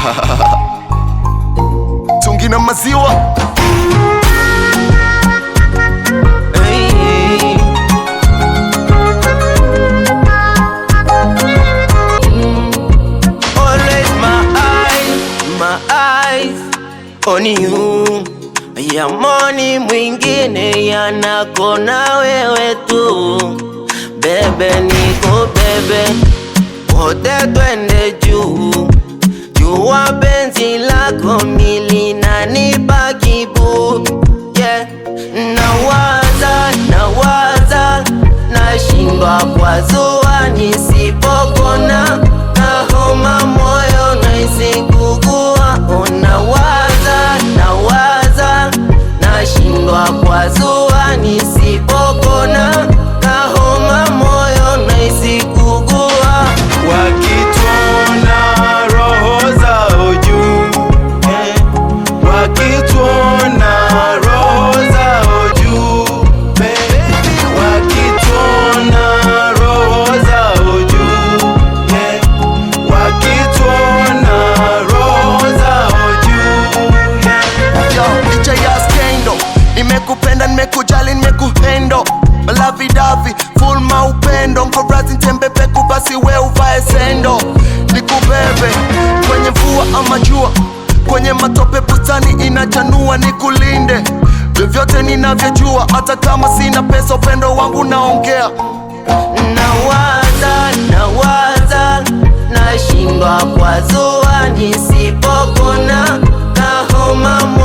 tungi na maziwa ya moni mwingine yanakona wewe tu bebe, niko bebe, wote twende juu penzi lako mili na nipa kibu yeah. Nawaza, nawaza, nashindwa kwa zua nisipopona nahoma moyo naisi kugua. Oh, nawaza, nawaza, nashindwa kwa zua Nimekupenda, nimekujali, nimekupendo malavidavi full maupendo mkobrazi tembepeku basi we uvae sendo nikubebe kwenye vua ama jua kwenye matope bustani inachanua nikulinde vyovyote ninavyojua hata kama sina pesa upendo wangu naongea nawaza nawaza nashindwa kwa zoa nisipopona kahoma